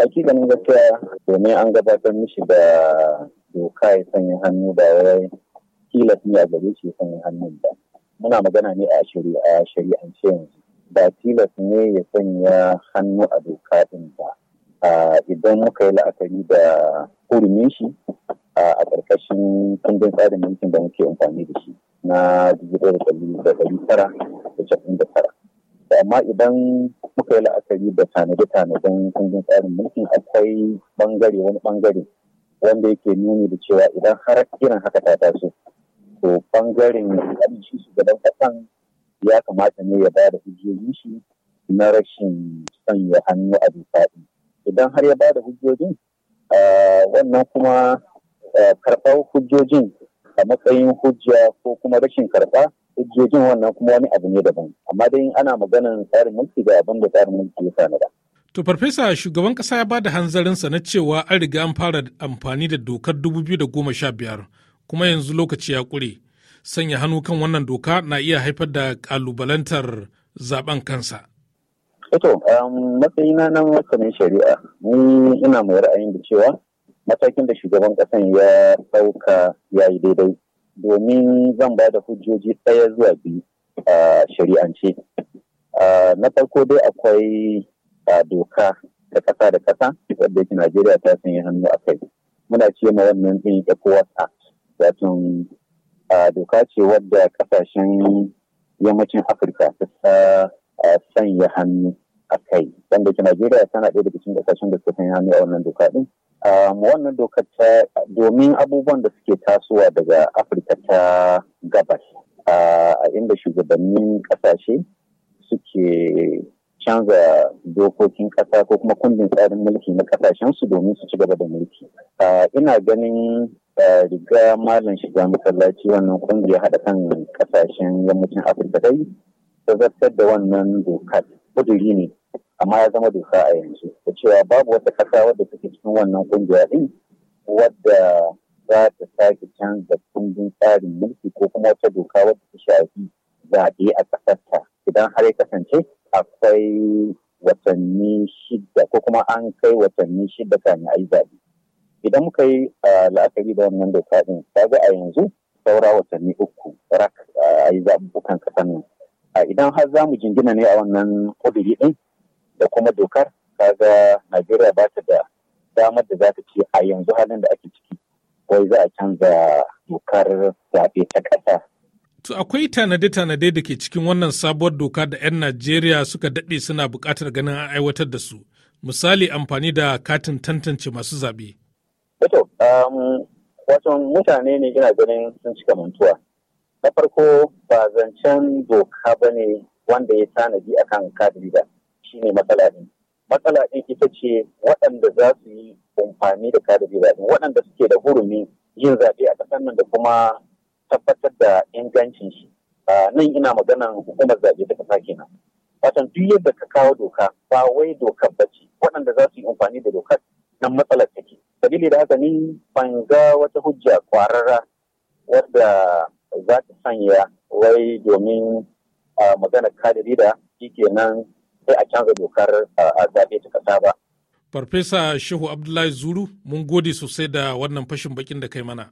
hakikanin gaskiya domin an gabatar mishi da doka ya sanya hannu da wai tilas ne a gare shi ya sanya hannun ba. muna magana ne a shari'a shari'ance yanzu ba tilas ne ya sanya hannu a doka din ba idan muka yi la'akari da hurumin shi a ƙarƙashin kundin tsarin mulkin da muke amfani da shi na dubu ɗaya da ɗari tara da da tara amma idan muka yi la'akari da tanade-tanaden kundin tsarin mulki akwai bangare wani bangare wanda yake nuni da cewa idan har irin haka ta taso to bangaren su gaban kasan ya kamata ne ya ba da hujjojin shi na rashin sanya hannu a dokaɗi idan har ya ba da hujjojin wannan kuma karɓar hujjojin a matsayin hujja ko kuma rashin karɓa jin wannan kuma wani abu ne daban amma dai ana maganar tsarin mulki da abin da tsarin mulki ya tanada. To farfesa shugaban kasa ya bada hanzarinsa na cewa an riga an fara amfani da dokar 2015 kuma yanzu lokaci ya ƙure. Sanya hannu kan wannan doka na iya haifar da kalubalantar zaben kansa. Ito, um, matsayi na nan masanin shari'a, ni ina mai ra'ayin da cewa matakin da shugaban kasan ya ɗauka ya yi daidai domin zan ba da hujjoji ɗaya zuwa biyu a shari'ance. Na farko dai akwai doka ta ƙasa da kasa wadda yake Najeriya ta sanya hannu a kai. Muna ce ma wannan ɗin ECOWAS Act, wato doka ce wadda ƙasashen yammacin Afirka ta sanya hannu a kai. Wanda yake Najeriya tana ɗaya daga cikin ƙasashen da suka sanya hannu a wannan doka ɗin. Um, wannan dokar ta domin abubuwan da suke tasowa daga afirka ta gabas uh, a inda shugabannin kasashe suke canza dokokin kasa ko kuma kundin tsarin mulki na kasashensu domin su ci gaba da mulki uh, ina ganin uh, riga malam shiga masallaci wannan kungiya hada kan kasashen yammacin afirka dai ta zartar da wannan dokar kuduri ne amma ya zama doka a yanzu da cewa babu wata kasa wadda take cikin wannan ƙungiya din wadda za ta sake canza kundin tsarin mulki ko kuma wata doka wadda ta shafi zaɓe a ƙasarta idan har ya kasance akwai watanni shida ko kuma an kai watanni shida kan a yi zaɓe idan muka yi la'akari da wannan doka din ta ga a yanzu saura watanni uku rak a yi zaɓuɓɓukan ƙasar nan idan har za mu jingina ne a wannan ƙudiri ɗin da kuma dokar kaga najeriya ba ta da damar da za ta ce a yanzu halin da ake ciki wai za a canza dokar zaɓe ta ƙasa To akwai tanade-tanade da ke cikin wannan sabuwar doka da 'yan Najeriya suka daɗe suna buƙatar ganin an aiwatar da su, misali amfani da katin tantance masu zaɓe. Um, wato, mutane ne ina ganin sun cika mantuwa. Na farko ba zancen doka ba ne wanda ya tanadi akan kadiri ba. shi ne matsala ne matsala ɗin ita ce waɗanda za su yi amfani da kada zaɓe waɗanda suke da hurumi yin zaɓe a ƙasar nan da kuma tabbatar da ingancin shi nan ina maganan hukumar zaɓe ta ƙasa kenan Fatan duk yadda ka kawo doka ba wai dokar bace waɗanda za su yi amfani da dokar nan matsalar take dalili da haka ni ban ga wata hujja kwararra wadda za ta sanya wai domin magana kadiri da shi kenan sai a canza dokar a zaɓe ta ƙasa ba. Farfesa Shehu Abdullahi Zuru mun gode sosai da wannan fashin bakin da kai mana.